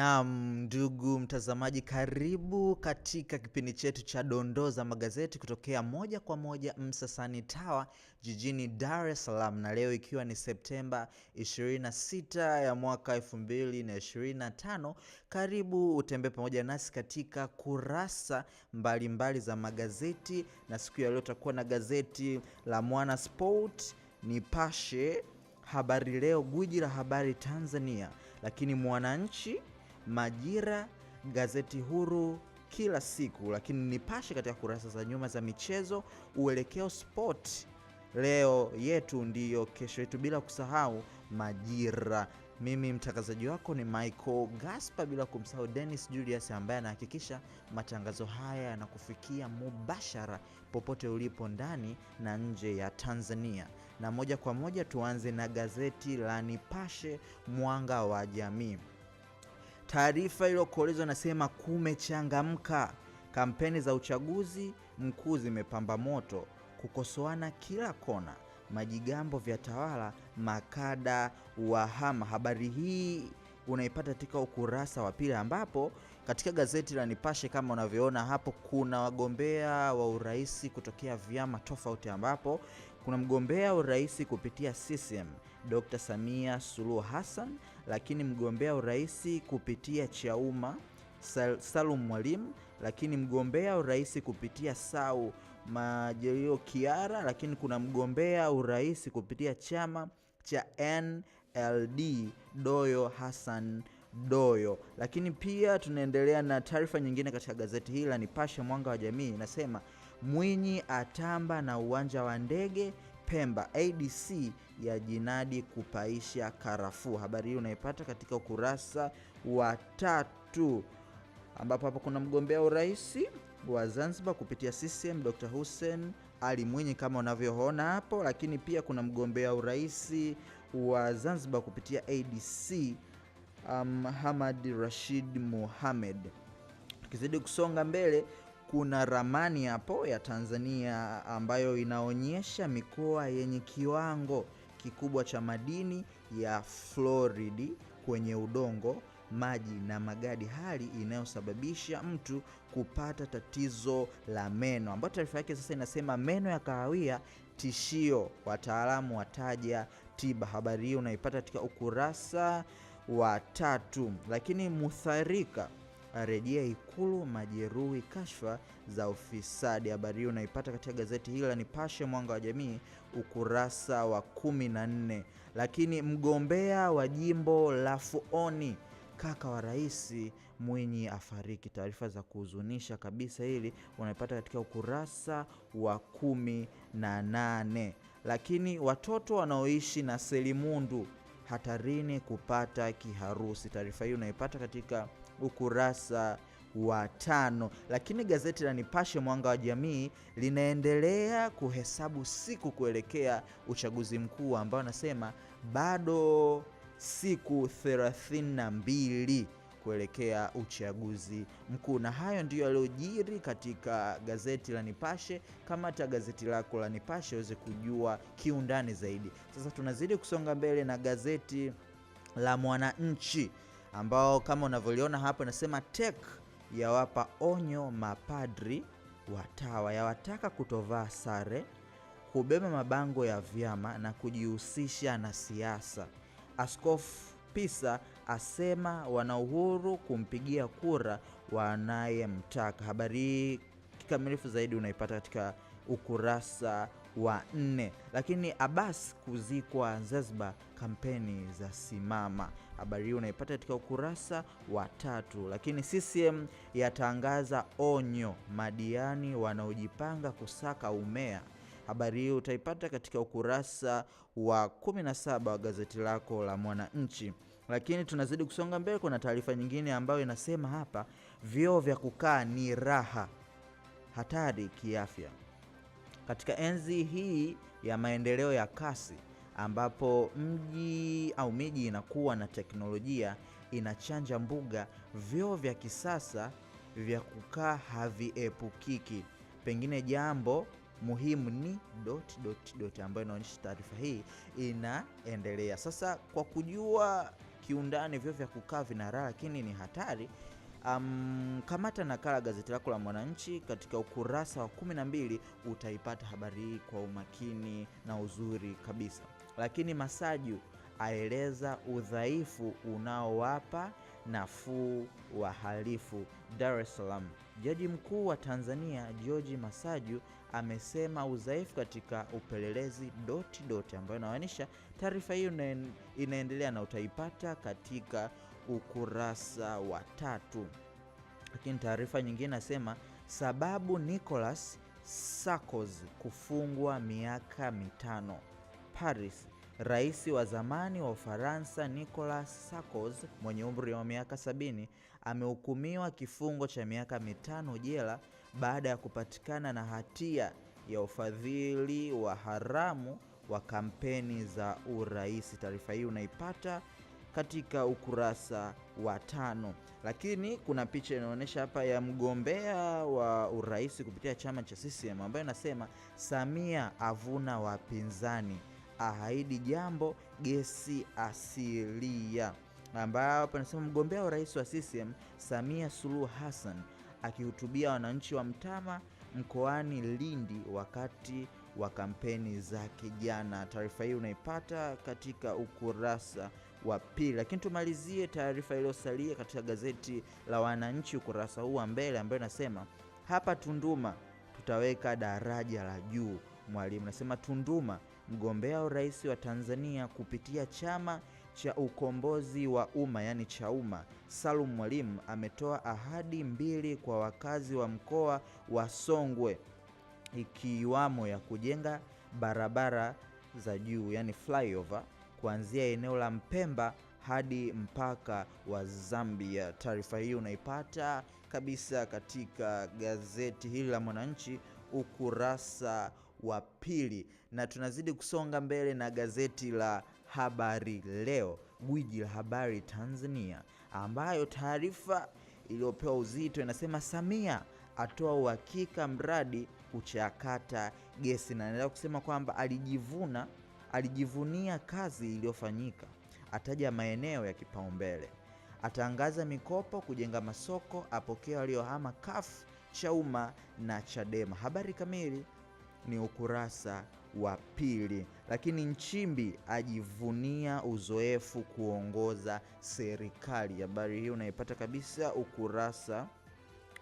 Naam, ndugu mtazamaji, karibu katika kipindi chetu cha dondoo za magazeti kutokea moja kwa moja Msasani Tower jijini Dar es Salaam, na leo ikiwa ni Septemba 26 ya mwaka 2025. Karibu utembee pamoja nasi katika kurasa mbalimbali mbali za magazeti, na siku ya leo tutakuwa na gazeti la Mwana Sport, Nipashe, Habari Leo, gwiji la habari Tanzania, lakini Mwananchi Majira, gazeti huru kila siku, lakini Nipashe katika kurasa za nyuma za michezo, uelekeo sport, leo yetu ndiyo kesho yetu, bila kusahau Majira. Mimi mtangazaji wako ni Michael Gaspar, bila kumsahau Dennis Julius ambaye anahakikisha matangazo haya yanakufikia mubashara popote ulipo ndani na nje ya Tanzania. Na moja kwa moja tuanze na gazeti la Nipashe, mwanga wa jamii. Taarifa iliyokolezwa inasema kumechangamka, kampeni za uchaguzi mkuu zimepamba moto, kukosoana kila kona, majigambo vya tawala, makada wahama. Habari hii unaipata katika ukurasa wa pili, ambapo katika gazeti la Nipashe kama unavyoona hapo, kuna wagombea wa urahisi kutokea vyama tofauti, ambapo kuna mgombea wa kupitia CCM Dr. Samia Suluhu Hassan lakini mgombea urais kupitia Chauma Sal Salum Mwalimu, lakini mgombea urais kupitia Sau Majaliwa Kiara, lakini kuna mgombea urais kupitia chama cha NLD Doyo Hassan Doyo. Lakini pia tunaendelea na taarifa nyingine katika gazeti hili la Nipashe Mwanga wa Jamii, inasema Mwinyi atamba na uwanja wa ndege Pemba ADC ya jinadi kupaisha karafuu. Habari hii unaipata katika ukurasa wa tatu, ambapo hapa kuna mgombea urais wa Zanzibar kupitia CCM Dr. Hussein Ali Mwinyi kama unavyoona hapo, lakini pia kuna mgombea urais wa Zanzibar kupitia ADC Hamad um, Rashid Mohamed. Tukizidi kusonga mbele kuna ramani hapo ya Tanzania ambayo inaonyesha mikoa yenye kiwango kikubwa cha madini ya floridi kwenye udongo, maji na magadi, hali inayosababisha mtu kupata tatizo la meno, ambayo taarifa yake sasa inasema meno ya kahawia tishio, wataalamu wataja tiba. Habari hii unaipata katika ukurasa wa tatu. Lakini mutharika arejea Ikulu, majeruhi kashfa za ufisadi. Habari hiyo unaipata katika gazeti hili la Nipashe Mwanga wa Jamii ukurasa wa kumi na nne. Lakini mgombea wa jimbo la Fuoni kaka wa rais Mwinyi afariki. Taarifa za kuhuzunisha kabisa, hili unaipata katika ukurasa wa kumi na nane. Lakini watoto wanaoishi na selimundu hatarini kupata kiharusi. Taarifa hii unaipata katika ukurasa wa tano. Lakini gazeti la Nipashe Mwanga wa Jamii linaendelea kuhesabu siku kuelekea uchaguzi mkuu ambao anasema bado siku 32 kuelekea uchaguzi mkuu. Na hayo ndiyo yaliyojiri katika gazeti la Nipashe. kama hata gazeti lako la Nipashe uweze kujua kiundani zaidi. Sasa tunazidi kusonga mbele na gazeti la Mwananchi ambao kama unavyoliona hapo inasema tek yawapa onyo mapadri watawa, yawataka kutovaa sare, kubeba mabango ya vyama na kujihusisha na siasa. Askofu Pisa asema wana uhuru kumpigia kura wanayemtaka. Habari hii kikamilifu zaidi unaipata katika ukurasa wa nne. Lakini abas kuzikwa Zanzibar, kampeni za simama. Habari hii unaipata katika ukurasa wa tatu. Lakini CCM yatangaza onyo madiani wanaojipanga kusaka umea. Habari hii utaipata katika ukurasa wa 17 wa gazeti lako la Mwananchi. Lakini tunazidi kusonga mbele, kuna taarifa nyingine ambayo inasema hapa vyoo vya kukaa ni raha, hatari kiafya katika enzi hii ya maendeleo ya kasi ambapo mji au miji inakuwa na teknolojia inachanja mbuga, vyoo vya kisasa vya kukaa haviepukiki. Pengine jambo muhimu ni dot, dot, dot, ambayo inaonyesha taarifa hii inaendelea. Sasa kwa kujua kiundani vyoo vya kukaa vinaraa lakini ni hatari Um, kamata nakala gazeti lako la Mwananchi katika ukurasa wa kumi na mbili utaipata habari hii kwa umakini na uzuri kabisa. Lakini Masaju aeleza udhaifu unaowapa nafuu wahalifu Dar es Salaam. Jaji mkuu wa Tanzania George Masaju amesema udhaifu katika upelelezi doti doti, ambayo inamaanisha taarifa hiyo inaendelea na utaipata katika ukurasa wa tatu. Lakini taarifa nyingine nasema sababu Nicolas Sarkozy kufungwa miaka mitano Paris. Rais wa zamani wa Ufaransa Nicolas Sarkozy mwenye umri wa miaka sabini amehukumiwa kifungo cha miaka mitano jela baada ya kupatikana na hatia ya ufadhili wa haramu wa kampeni za urais. Taarifa hii unaipata katika ukurasa wa tano. Lakini kuna picha inaonyesha hapa ya mgombea wa urais kupitia chama cha CCM ambayo inasema Samia avuna wapinzani, ahaidi jambo gesi asilia, hapa anasema mgombea wa urais wa CCM Samia Suluhu Hassan akihutubia wananchi wa Mtama mkoani Lindi wakati wa kampeni zake jana. Taarifa hii unaipata katika ukurasa wa pili. Lakini tumalizie taarifa iliyosalia katika gazeti la Wananchi ukurasa huu wa mbele ambayo inasema hapa Tunduma tutaweka daraja la juu. Mwalimu nasema Tunduma, mgombea urais wa Tanzania kupitia chama cha ukombozi wa umma yani Chauma, Salum Mwalimu ametoa ahadi mbili kwa wakazi wa mkoa wa Songwe ikiwamo ya kujenga barabara za juu yani flyover kuanzia eneo la Mpemba hadi mpaka wa Zambia. Taarifa hii unaipata kabisa katika gazeti hili la Mwananchi ukurasa wa pili, na tunazidi kusonga mbele na gazeti la Habari Leo, gwiji la habari Tanzania, ambayo taarifa iliyopewa uzito inasema Samia atoa uhakika mradi kuchakata gesi, na anaendelea kusema kwamba alijivuna Alijivunia kazi iliyofanyika, ataja maeneo ya kipaumbele, atangaza mikopo, kujenga masoko, apokea waliohama CUF, Chauma na Chadema. Habari kamili ni ukurasa wa pili. Lakini Nchimbi ajivunia uzoefu kuongoza serikali. Habari hii unaipata kabisa ukurasa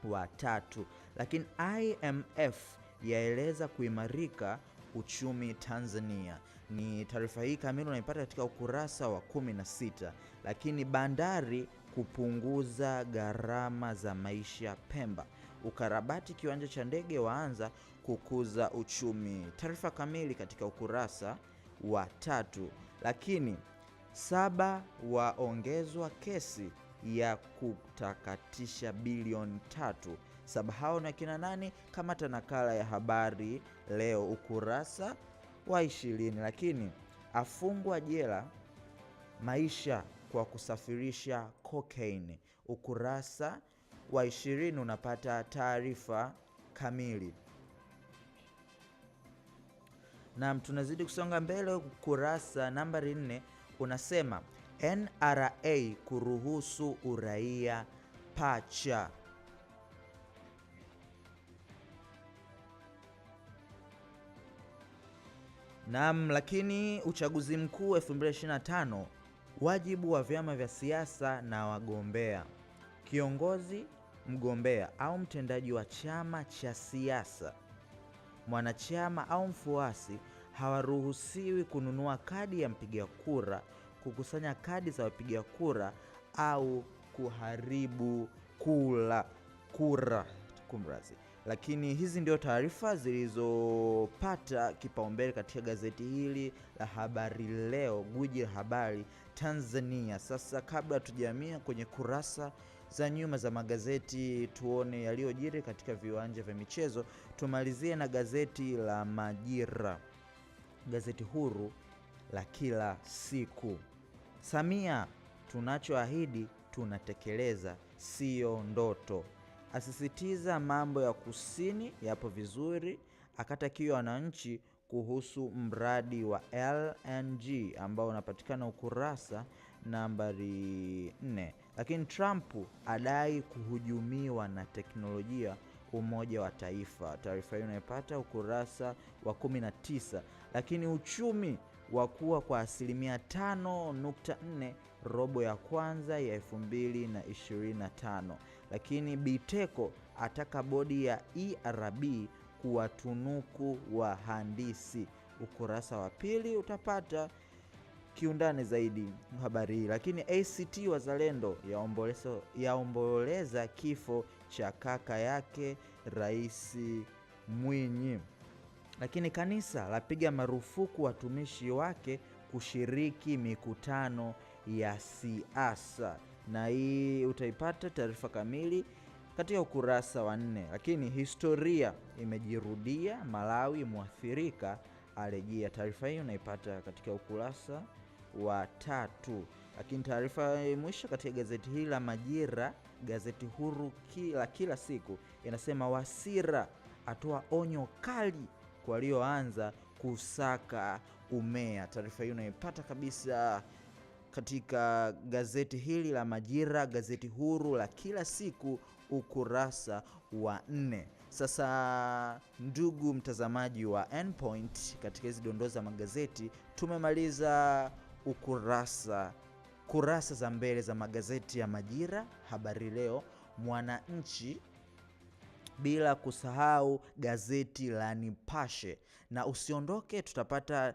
wa tatu. Lakini IMF yaeleza kuimarika uchumi Tanzania. Ni taarifa hii kamili unaipata katika ukurasa wa 16. Lakini bandari kupunguza gharama za maisha Pemba, ukarabati kiwanja cha ndege waanza kukuza uchumi. Taarifa kamili katika ukurasa wa tatu. Lakini saba waongezwa kesi ya kutakatisha bilioni tatu Saba hao na kina nani? Kamata nakala ya habari leo ukurasa wa ishirini. Lakini afungwa jela maisha kwa kusafirisha cocaine, ukurasa wa ishirini unapata taarifa kamili. nam tunazidi kusonga mbele. Ukurasa nambari nne unasema NRA kuruhusu uraia pacha, Naam, lakini uchaguzi mkuu 2025 wajibu wa vyama vya siasa na wagombea. Kiongozi, mgombea au mtendaji wa chama cha siasa, mwanachama au mfuasi hawaruhusiwi kununua kadi ya mpiga kura, kukusanya kadi za wapiga kura au kuharibu kula kura kumrazi lakini hizi ndio taarifa zilizopata kipaumbele katika gazeti hili la Habari Leo, guji la habari Tanzania. Sasa kabla tujamia kwenye kurasa za nyuma za magazeti, tuone yaliyojiri katika viwanja vya michezo. Tumalizie na gazeti la Majira, gazeti huru la kila siku. Samia, tunachoahidi tunatekeleza, siyo ndoto asisitiza mambo ya kusini yapo vizuri, akatakiwa wananchi kuhusu mradi wa LNG ambao unapatikana ukurasa nambari 4. Lakini Trump adai kuhujumiwa na teknolojia Umoja wa Taifa, taarifa hiyo unaipata ukurasa wa 19. Lakini uchumi wa kuwa kwa asilimia 5.4 robo ya kwanza ya 2025 lakini Biteko ataka bodi ya ERB kuwatunuku wahandisi. Ukurasa wa pili utapata kiundani zaidi habari hii. Lakini ACT Wazalendo yaomboleza ya kifo cha kaka yake Rais Mwinyi. Lakini kanisa lapiga marufuku watumishi wake kushiriki mikutano ya siasa na hii utaipata taarifa kamili katika ukurasa wa nne. Lakini historia imejirudia, Malawi mwathirika arejea. Taarifa hiyo unaipata katika ukurasa wa tatu. Lakini taarifa ya mwisho katika gazeti hili la Majira, gazeti huru la kila siku, inasema Wasira atoa onyo kali kwa walioanza kusaka umea. Taarifa hiyo unaipata kabisa katika gazeti hili la Majira, gazeti huru la kila siku, ukurasa wa nne. Sasa ndugu mtazamaji wa nPoint, katika hizi dondoo za magazeti tumemaliza ukurasa kurasa za mbele za magazeti ya Majira, Habari Leo, Mwananchi, bila kusahau gazeti la Nipashe. Na usiondoke, tutapata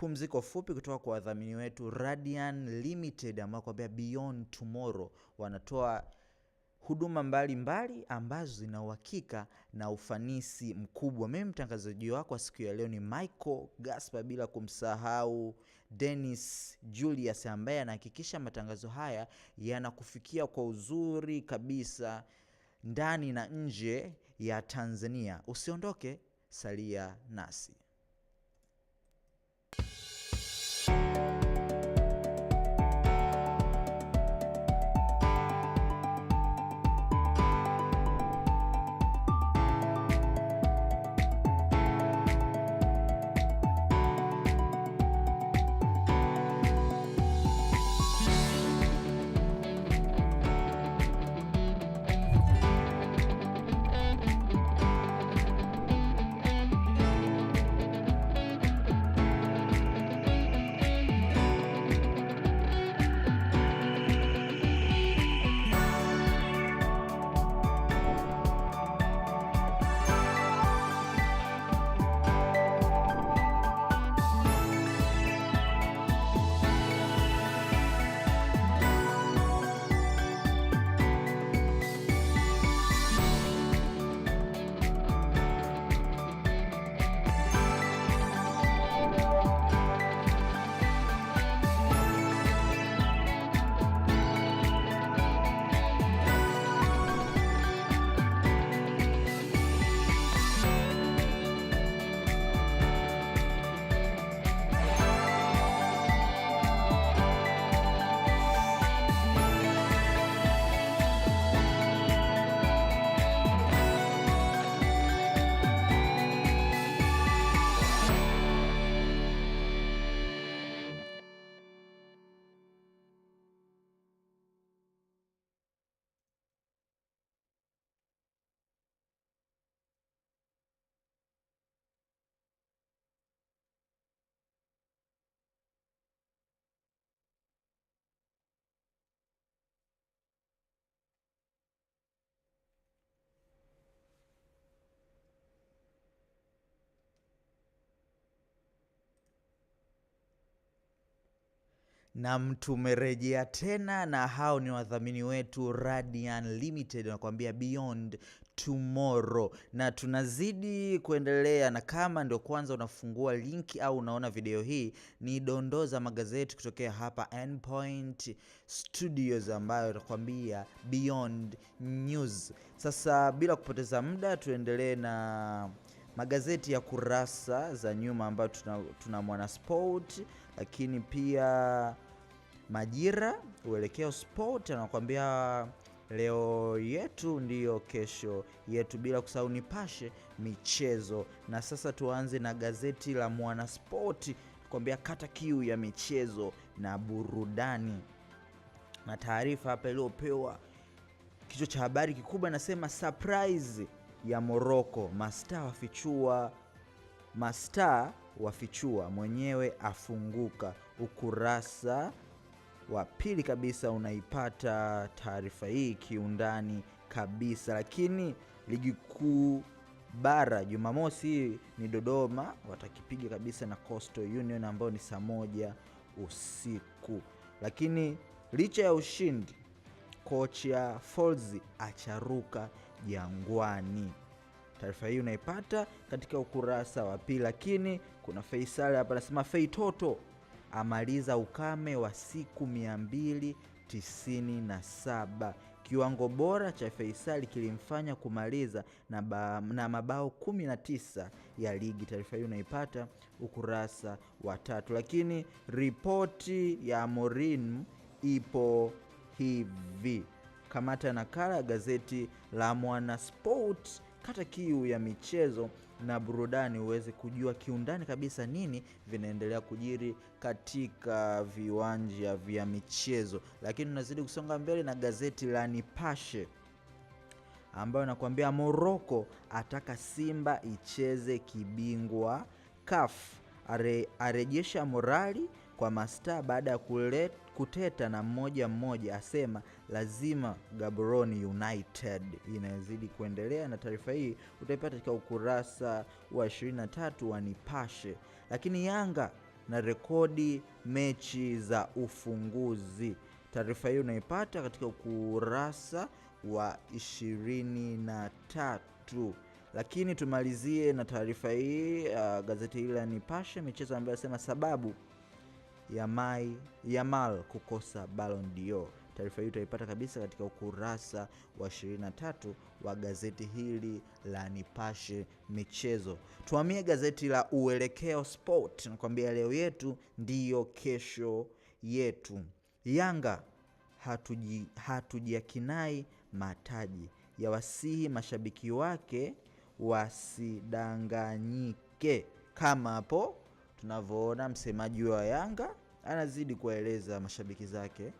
pumziko fupi kutoka kwa wadhamini wetu Radian Limited ambao kwambia Beyond Tomorrow wanatoa huduma mbalimbali mbali ambazo zina uhakika na ufanisi mkubwa. Mimi mtangazaji wako siku ya leo ni Michael Gaspar, bila kumsahau Dennis Julius ambaye anahakikisha matangazo haya yanakufikia kwa uzuri kabisa ndani na nje ya Tanzania. Usiondoke, salia nasi. Nam, tumerejea tena na hao ni wadhamini wetu Radian Limited, wanakuambia Beyond Tomorrow, na tunazidi kuendelea. Na kama ndio kwanza unafungua linki au unaona video hii, ni dondoo za magazeti kutokea hapa nPoint Studios, ambayo inakuambia Beyond News. Sasa bila kupoteza muda, tuendelee na magazeti ya kurasa za nyuma ambayo tuna, tuna Mwanasport lakini pia Majira uelekeo sport anakuambia leo yetu ndiyo kesho yetu, bila kusahau Nipashe michezo. Na sasa tuanze na gazeti la Mwanaspoti kuambia kata kiu ya michezo na burudani, na taarifa hapa iliyopewa kichwa cha habari kikubwa nasema surprise ya Moroko, masta wafichua, mastaa wafichua mwenyewe afunguka ukurasa wa pili kabisa unaipata taarifa hii kiundani kabisa, lakini ligi kuu bara Jumamosi ni Dodoma watakipiga kabisa na Coastal Union ambayo ni saa moja usiku. Lakini licha ya ushindi, kocha folzi acharuka Jangwani. Taarifa hii unaipata katika ukurasa wa pili, lakini kuna Faisal hapa anasema Fei Toto amaliza ukame wa siku 297. Kiwango bora cha Faisal kilimfanya kumaliza na, ba, na mabao 19 ya ligi. Taarifa hiyo unaipata ukurasa wa tatu, lakini ripoti ya morin ipo hivi. Kamata nakala ya gazeti la Mwanasport, kata kiu ya michezo na burudani uweze kujua kiundani kabisa nini vinaendelea kujiri katika viwanja vya michezo. Lakini unazidi kusonga mbele na gazeti la Nipashe ambayo nakuambia Moroko ataka Simba icheze kibingwa. kaf arejesha morali kwa mastaa baada ya kuteta na mmoja mmoja, asema lazima gaboroni United inazidi kuendelea, na taarifa hii utaipata katika ukurasa wa 23 wa Nipashe. Lakini Yanga na rekodi mechi za ufunguzi, taarifa hii unaipata katika ukurasa wa 23 lakini tumalizie na taarifa hii uh, gazeti hili la Nipashe michezo ambayo asema sababu ya Mai Yamal kukosa Ballon d'Or. Taarifa hii utaipata kabisa katika ukurasa wa 23 wa gazeti hili la Nipashe Michezo. Tuhamie gazeti la Uelekeo Sport, nakwambia leo yetu ndiyo kesho yetu. Yanga hatujiakinai mataji mataji, yawasihi mashabiki wake wasidanganyike. Kama hapo tunavyoona msemaji wa Yanga anazidi kuwaeleza mashabiki zake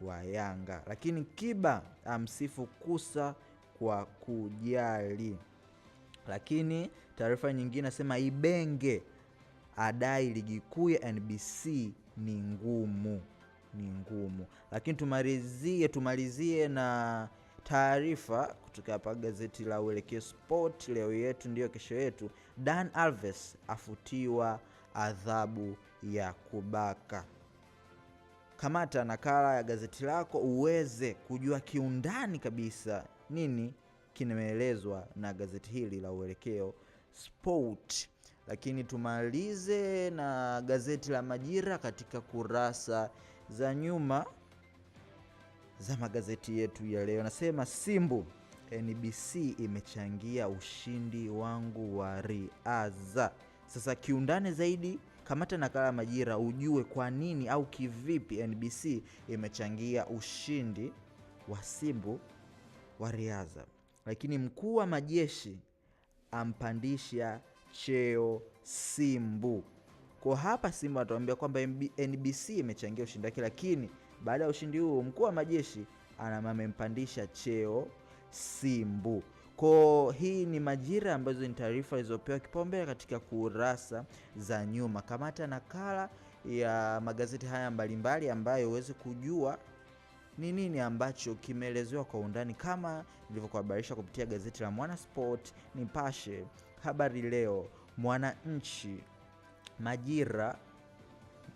wa Yanga, lakini Kiba amsifu Kusa kwa kujali. Lakini taarifa nyingine nasema Ibenge adai ligi kuu ya NBC ni ngumu, ni ngumu. Lakini tumalizie, tumalizie na taarifa kutoka hapa gazeti la Uelekeo Sport, leo yetu ndiyo kesho yetu. Dan Alves afutiwa adhabu ya kubaka. Kamata nakala ya gazeti lako uweze kujua kiundani kabisa nini kinaelezwa na gazeti hili la Uelekeo Sport. Lakini tumalize na gazeti la Majira katika kurasa za nyuma za magazeti yetu ya leo. Nasema Simbu NBC imechangia ushindi wangu wa riadha. Sasa kiundane zaidi, kamata nakala Majira ujue kwa nini au kivipi NBC imechangia ushindi wa Simbu wa riadha. Lakini mkuu wa majeshi ampandisha cheo Simbu. Kwa hapa Simbu anatuambia kwamba NBC imechangia ushindi wake, lakini baada ya ushindi huo mkuu wa majeshi anamamempandisha cheo Simbu. Ko hii ni majira ambazo ni taarifa ilizopewa kipaumbele katika kurasa za nyuma. Kamata nakala ya magazeti haya mbalimbali ambayo uweze kujua ni nini ambacho kimeelezewa kwa undani kama nilivyokuhabarisha kupitia gazeti la Mwanasport, Nipashe, Habari Leo, Mwananchi, Majira,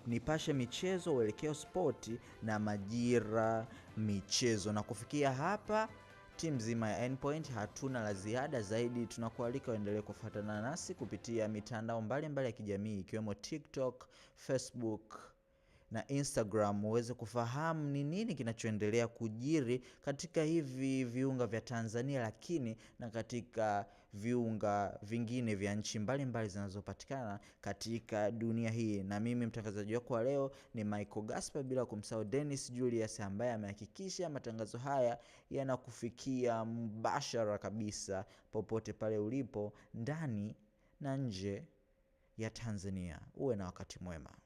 Nipashe Michezo, Uelekeo Spoti na Majira Michezo. Na kufikia hapa Timu zima ya Endpoint hatuna la ziada zaidi, tunakualika uendelee kufuatana nasi kupitia mitandao mbalimbali ya kijamii ikiwemo TikTok, Facebook na Instagram uweze kufahamu ni nini kinachoendelea kujiri katika hivi viunga vya Tanzania, lakini na katika viunga vingine vya nchi mbalimbali zinazopatikana katika dunia hii. Na mimi mtangazaji wako wa leo ni Michael Gaspar, bila kumsahau Dennis Julius ambaye amehakikisha matangazo haya yanakufikia mbashara kabisa popote pale ulipo ndani na nje ya Tanzania. Uwe na wakati mwema.